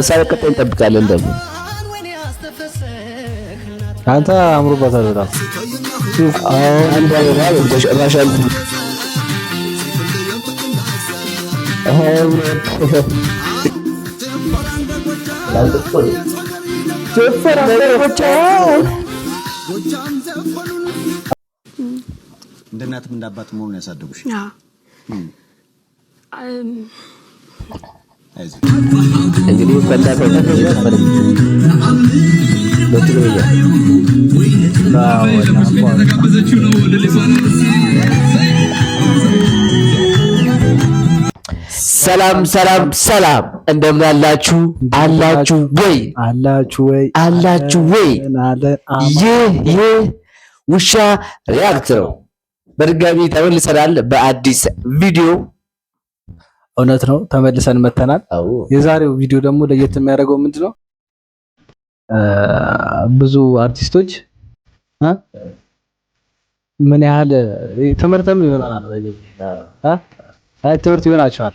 እሳ በቀጣይ እንጠብቃለን። ደግሞ አንተ አምሮባታል በጣም እንደ እናትም እንዳባት መሆኑን ያሳደጉሽ ሰላም ሰላም ሰላም፣ እንደምን አላችሁ? አላችሁ ወይ? አላችሁ ወይ? አላችሁ ወይ? ይህ ይህ ውሻ ሪያክት ነው። በድጋሚ ተመልሰናል በአዲስ ቪዲዮ እውነት ነው፣ ተመልሰን መተናል። የዛሬው ቪዲዮ ደግሞ ለየት የሚያደርገው ምንድነው? ብዙ አርቲስቶች ምን ያህል ትምህርትም ይሆናል ትምህርት ይሆናቸዋል።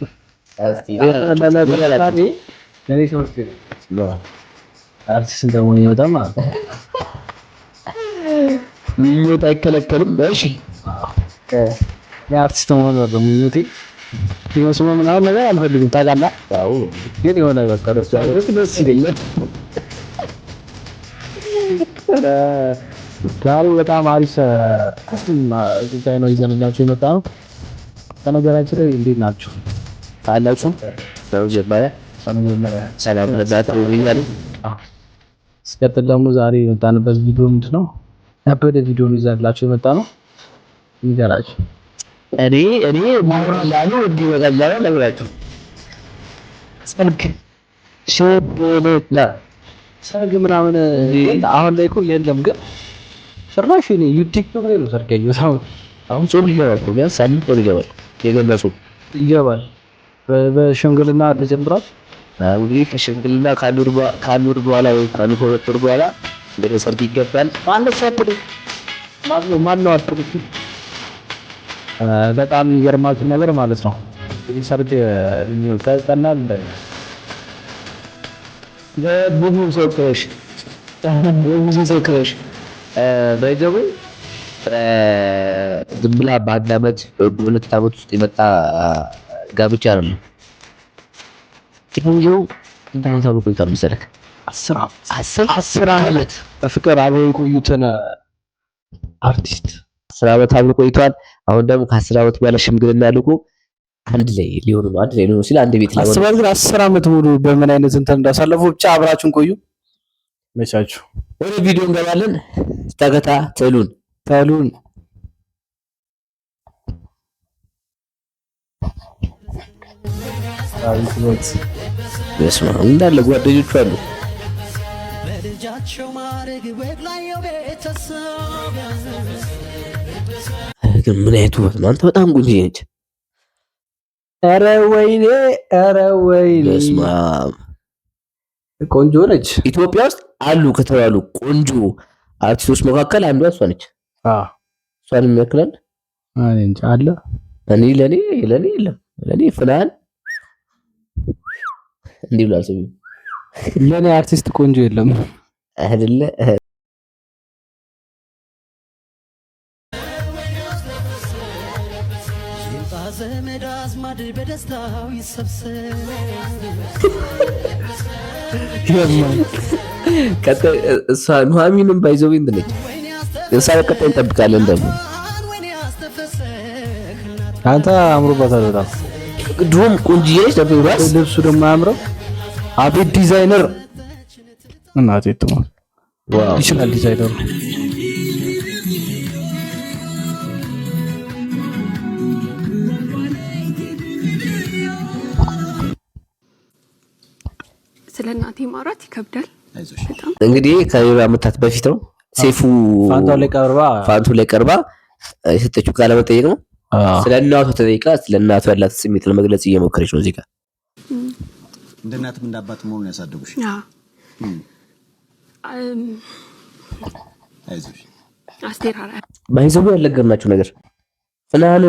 አርቲስት ደግሞ ይወጣማ ምኞት አይከለከልም። እሺ አርቲስት መሆን ነው ምኞቴ ይወስሙ ምናምን ነገር አልፈልግም። ታውቃለህ? ግን የሆነ በቃ ደስ ይለኛል። በጣም አሪፍ ጉዳይ ነው ይዘንላችሁ የመጣ ነው። ከነገራችን ላይ እንዴት ናችሁ ካላችሁ ሲቀጥል ደግሞ ዛሬ የመጣንበት ቪዲዮ ምንድን ነው? ያበደ ቪዲዮ ይዘንላችሁ የመጣ ነው። ይገራችሁ እኔ እኔ እንዲህ በቀላሉ ነግራችሁ ሰርግ ሰርግ ምናምን አሁን ላይ እኮ የለም፣ ግን እኔ ዩቲክቶክ ላይ ነው ሰርግ ያየሁት። አሁን አሁን ጾም ይገባል እኮ ቢያንስ ጾም ይገባል፣ ይገባል። በሽምግልና ተጀምሯል። እንግዲህ ከሽምግልና በኋላ ወይ ወር በኋላ እንግዲህ ሰርግ ይገባል። ማነው ማነው በጣም የሚገርማችሁ ነገር ማለት ነው ሰርግ ተጠናል ብዙ ሰው ክረሽ ብዙ ሰው ክረሽ ዝም ብላ በአንድ ዓመት በሁለት ዓመት ውስጥ የመጣ ጋብቻ ነው። ይኸው ስንት ዓመት አብሮ ቆይቷል መሰለህ? አስር በፍቅር አብሮ የቆዩትን አርቲስት አስር ዓመት አብሮ ቆይቷል። አሁን ደግሞ ከአስር ዓመት በኋላ ሽምግልና ልቆ አንድ ላይ ሊሆኑ ነው አንድ ላይ ሊሆኑ ሲል አንድ ቤት ሊሆኑ ግን አስር ዓመት ሙሉ በምን አይነት እንትን እንዳሳለፉ ብቻ አብራችሁን ቆዩ። መቻችሁ ወደ ቪዲዮ እንገባለን። ተከታ ተሉን ተሉን እንዳለ ጓደኞቹ አሉ በልጃቸው ማድረግ ግን ምን አይነት ውበት ነው! አንተ በጣም ጉንጂ ነች። ኧረ ወይኔ! ኧረ ወይኔ! በስመ አብ ቆንጆ ነች። ኢትዮጵያ ውስጥ አሉ ከተባሉ ቆንጆ አርቲስቶች መካከል አንዷ እሷ ነች። እሷን የሚያክላል አለ? እኔ ለእኔ ለእኔ የለም። ለእኔ ፍናን እንዲህ ብሏል ሰው ለእኔ አርቲስት ቆንጆ የለም አይደለ አዝማድ በደስታው ይሰብሰብ። እሷ ኑሐሚንም ባይዘው እንትን እሷ በቀጣይ እንጠብቃለን ደግሞ አንተ አምሮባታል በጣም ድሮም ቆንጅዬ ነበር። ልብሱ ደግሞ አያምረው። አቤት ዲዛይነር እናቴ ትማ ይችላል ዲዛይነሩ ስለ እናቴ ማውራት ይከብዳል። እንግዲህ ከሌሎ ዓመታት በፊት ነው ሴፉ ፋንቱ ላይ ቀርባ የሰጠችው ቃለ መጠይቅ ነው። ስለ እናቷ ተጠይቃ ስለ እናቷ ያላት ስሜት ለመግለጽ እየሞከረች ነው። እዚህ ጋር እንደ እናትም እንደ አባት መሆኑ ያሳደጉሽ ባይዘቡ ያልነገርናቸው ነገር ፍናን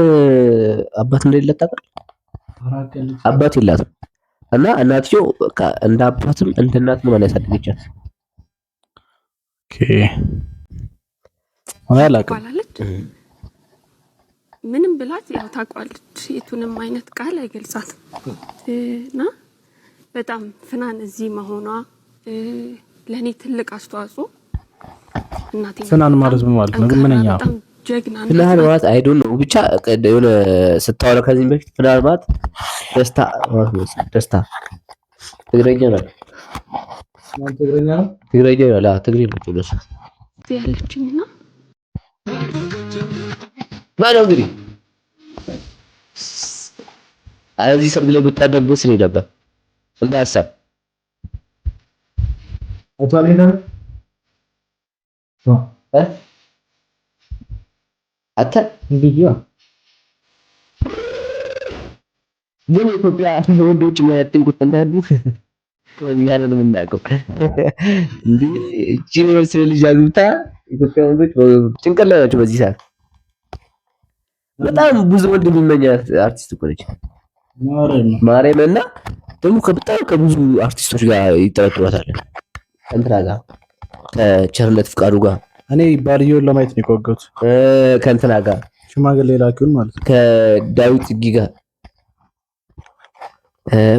አባት እንደሌላት ታውቃለህ። አባት የላትም እና እናትዮ እናትየው እንደ አባትም እንደ እናት ነው ያሳደገቻት። ኦኬ ምንም ብላት ያው ታውቋለች። የቱንም አይነት ቃል አይገልጻትም እና በጣም ፍናን እዚህ መሆኗ ለእኔ ትልቅ አስተዋጽኦ። እናቴ ፍናን ማለት ምን ማለት ነው? ምንኛ ፍናህል ማለት አይዶን ነው ብቻ የሆነ ስታወራ ከዚህ በፊት ፍናህል ደስታ ደስታ ትግረኛ ነው። ትግረኛ ነው። ትግረኛ ነው። ትግሬ ነው። ያለችኝና ማነው እንግዲህ እዚህ ሰምድ ላይ ብታደርገው ስኔ ነበር እንደ ሀሳብ አቷሌና አተን ቪዲዮ ግን ኢትዮጵያ ወንዶች የሚያደንቁት እንዳሉ እኛን ነው የምናውቀው። እቺ የመሰለ ልጅ አግብታ ኢትዮጵያ ወንዶች ጭንቅላት ላይ ናቸው። በዚህ ሰዓት በጣም ብዙ ወንድ አርቲስት እኮ ነች ማርያም እና ደግሞ ከብዙ አርቲስቶች ጋር ይጠረጥሯታል። ጋር ከቸርነት ፍቃዱ ጋር እኔ ባልየውን ለማየት ነው የጓጓሁት። ከእንትና ጋር ሽማግሌ ላኪውን ማለት ነው ከዳዊት ጽጌ ጋር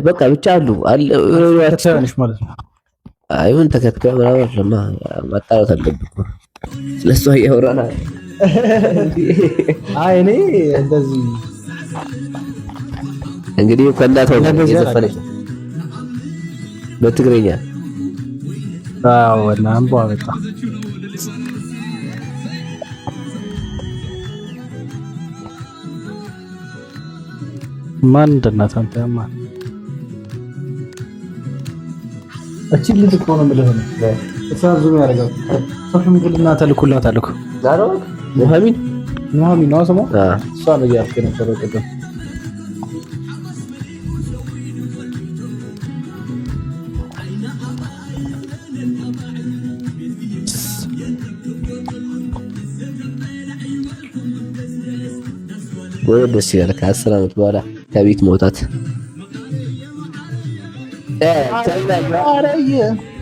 በቃ ብቻ አሉ አለሽ ማለት ነው። አይሁን ተከትያ ምናምን ለማ ማጣራት አለብህ እኮ እያወራን አይ እኔ እንደዚህ እንግዲህ የዘፈነች በትግረኛ አንቧ በጣም ማን እንደናት አንተ ማን እቺ ልጅ እኮ ነው የምልህ ነው እሷ ዙም ያደርጋል ሰፊ ምግልና ተልኩላት አልኩ ኑሐሚን ኑሐሚን ነው ስሟ እሷ ነው ያልክ ነበር ቅድም ወይ ደስ ይላል ከአስር ዓመት በኋላ ከቤት መውጣት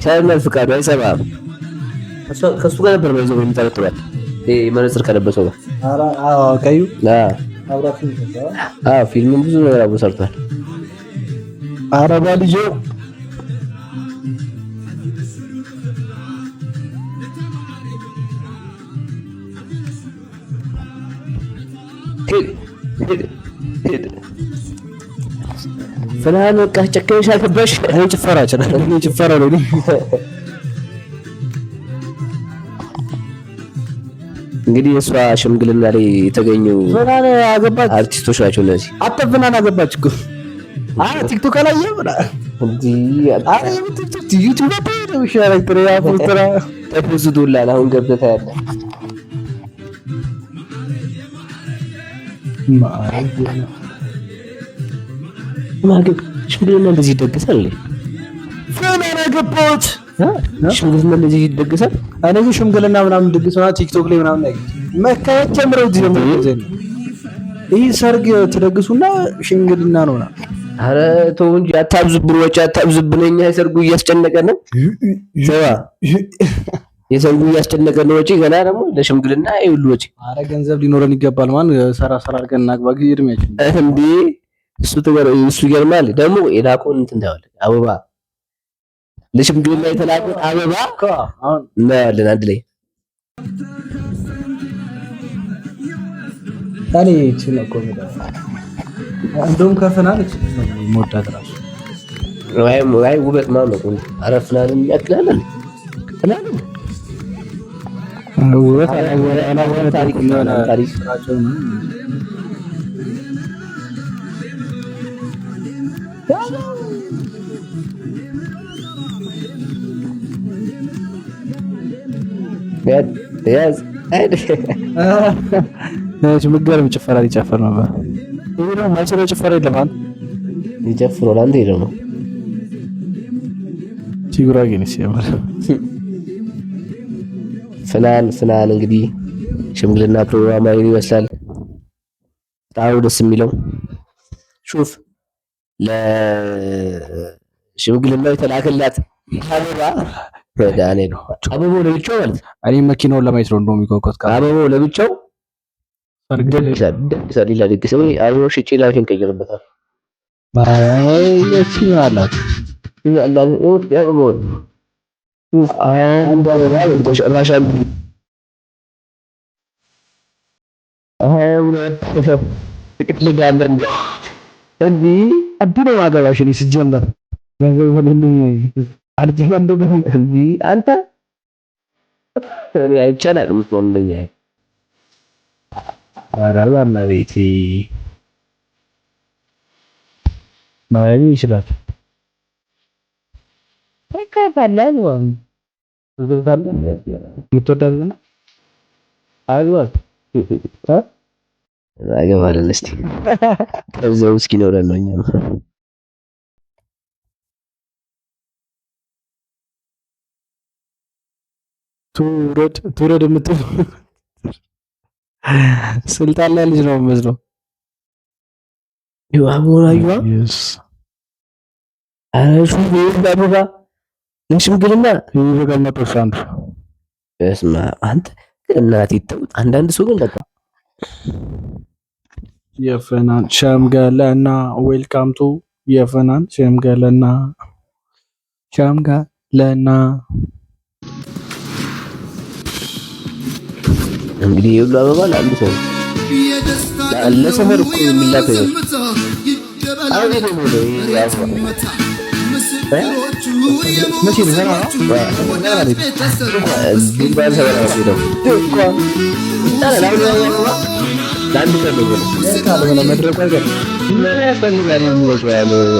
ቻይና ፍቃዱ አይሰማም። ከእሱ ጋር ነበር መዞ የሚጠረጥሯል መነጽር ከለበሰው ጋር ቀዩ ብዙ ነገር አብሮ ሰርቷል። አረባ ልጆ ሄድ ሄድ ሄድ ፍላን በቃ ጨከሽ አልከበሽ እኔ ጭፈራ ይችላል እኔ ጭፈራ ነው። እንግዲህ እሷ ሽምግልና ላይ የተገኙ ፍናን አገባች አርቲስቶች ናቸው እነዚህ። አተ ፍናን አገባች እኮ አይ ቲክቶክ አላየህም? አረ ቲክቶክ ዩቲዩብ አታየው ይሻላል። ትሬያ ፎርትራ ተፖዝዶላል። አሁን ገብተህ ታያለህ። ማይ ማግብ ሽምግልና እንደዚህ ይደግሳል? ምን አገባሁት? ሽምግልና እንደዚህ ሽምግልና ምናምን ድግስ ቲክቶክ ላይ ምናምን ላይ መካሄድ ጀምረው ይህ ሰርግ ትደግሱና ሽምግልና ነው ና አረ ተው እንጂ አታብዝብን፣ ወጪ አታብዝብን። እኛ የሰርጉ እያስጨነቀ ነው፣ የሰርጉ እያስጨነቀ ነው ወጪ። ገና ደግሞ ለሽምግልና ይኸውልህ ወጪ። አረ ገንዘብ ሊኖረን ይገባል። ማን ሰራ ሰራ አድርገን እናግባ ጊዜ እድሜያችን እንዴ እሱ እሱ ይገርማል። ደግሞ የላኮን እንትን እንዳይሆን አበባ ለሽምግልና የተላኩን አበባ እናያለን አንድ ላይ ታኔ እቺ ነው ቆም እንደውም ከፍናል ሞዳት ራሱ ወይ ወይ ውበት ማለት ነው። አረፍናልን ያክላለን ትላለን ውበት አላወራ አላወራ ታሪክ ነው ታሪክ የምትገርም ጭፈራ ሊጨፍር ነበር። ይሄ ደግሞ ማይችለው ጭፈራ የለም። ይጨፍሮ ለአንተ ደግሞ ጉራጌ ነች። ሲያምር ፍናን ፍናን እንግዲህ ሽምግልና ፕሮግራም ይመስላል። በጣም ደስ የሚለው ሹፍ ለሽምግልናው የተላከላት አበባ ዳኔ ነው። አበባው ለብቻው ማለት እኔ መኪናውን ለማየት ነው። እንደውም አበባው ለብቻው ደግሳል ባይ ቀዱ ማገባሽ ነው ሲጀመር ይችላል አገባለን እስቲ እዛው እስኪ ይኖረን ነው እኛ ትውረድ ትውረድ የምትል ስልጣን ላይ ልጅ ነው የምመስለው። ይዋ ሞራ ይዋ አረሹ ለሽምግልና ይበቃል ነበር አንዱ እስማ አንተ ግን እናቴ ተውት። አንዳንድ ሰው ግን በቃ የፈናን ሸምገለና ዌልካም ቱ የፍናን ሸምገለና ሸምገለና። እንግዲህ የሁሉ አበባ ለአንድ ሰው ለሰፈር እኮ የሚላት ነው። Ben hani bir Ne Ne kadar Benim Dan bisa dulu. Ya kalau nggak meter kan kan. Sebenarnya kan bukan yang buat saya dulu.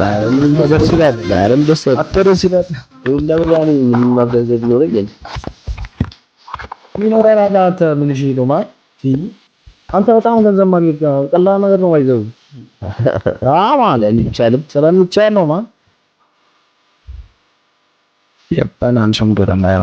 Barım da silah, barım da silah. Atarım silah. Bunda mı yani? Bunda da silah olur gel. Minora ne de atar mı şey doma? Film. Anta tamam da zaman yok. Allah'ın kadar mı var? Ama lan içelim. Sıranın içelim ama. Yep, ben anşam göremeyim.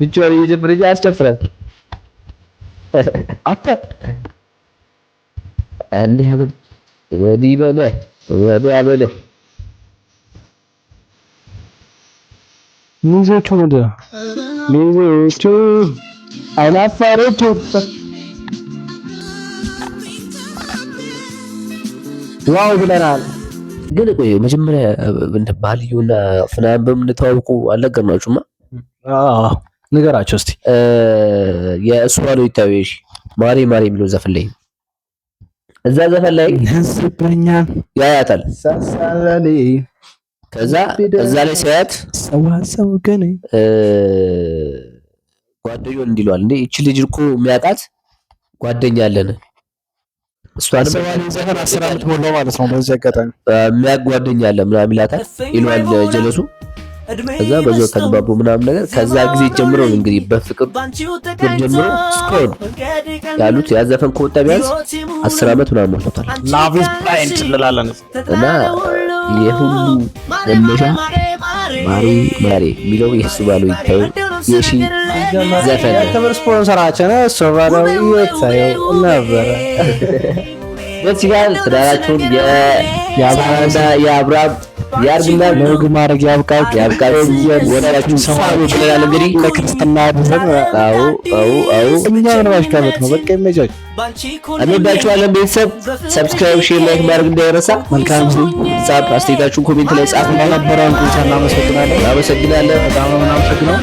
ብቻ የመጀመሪያ ያስደፍራል። አታ እንዲህ ያለ ወዲህ በለ ወዲያ በለ ሚዜዎቹ ምንድን ነው ሚዜዎቹ አይናፋሮቹ ዋው ብለናል። ግን ቆይ መጀመሪያ እንደ ባልዩና ፍናን በምንተዋወቁ አልነገርናችሁማ? አዎ ንገራቸው እስቲ። የእሱ ባሉ ይታወሽ ማሪ ማሪ የሚለው ዘፈን ላይ እዛ ዘፈን ላይ ያስበኛ ያያታል። ከዛ እዛ ላይ ሲያያት ሰዋሰው ግን ጓደኛውን እንዲሏል እንዴ እቺ ልጅ እኮ የሚያውቃት ጓደኛ አለን እሷን ዘፈን አስር ዓመት ሞላው ማለት ነው። በዚህ አጋጣሚ የሚያውቅ ጓደኛ አለ ምናምን ይላታል ይሏል ጀለሱ ከዛ በዛ ተግባቡ ምናምን ነገር። ከዛ ጊዜ ጀምሮ እንግዲህ በፍቅር ጀምሮ እስካሁን ያሉት ያዘፈን ከወጣ ቢያንስ አስር ዓመት ምናምን ሞልቶታል። እና የሁሉ መነሻ ማሬ ማሬ የሚለው የሱ ባሉ ይታየው የሺ ዘፈን ክብር ስፖንሰራችን ሶባዳዊ ይታየው ነበረ። በዚህ ጋር ትዳራችሁን የአብራም የአርግና ለውግ ማድረግ ያብቃው ያብቃው። ወዳችሁ ሰማሩ ይችላል እንግዲህ ለክርስትና አይደለም። አዎ አዎ አዎ፣ እኛ ነው አሽካበት ነው። በቃ ይመቻችሁ። እንወዳችኋለን ቤተሰብ። ሰብስክራይብ፣ ሼር፣ ላይክ ማድረግ እንዳይረሳ። መልካም ሁሉ ጻፍ፣ አስተያየታችሁን ኮሜንት ላይ ጻፍ። እናመሰግናለን። በጣም ነው የምናመሰግነው።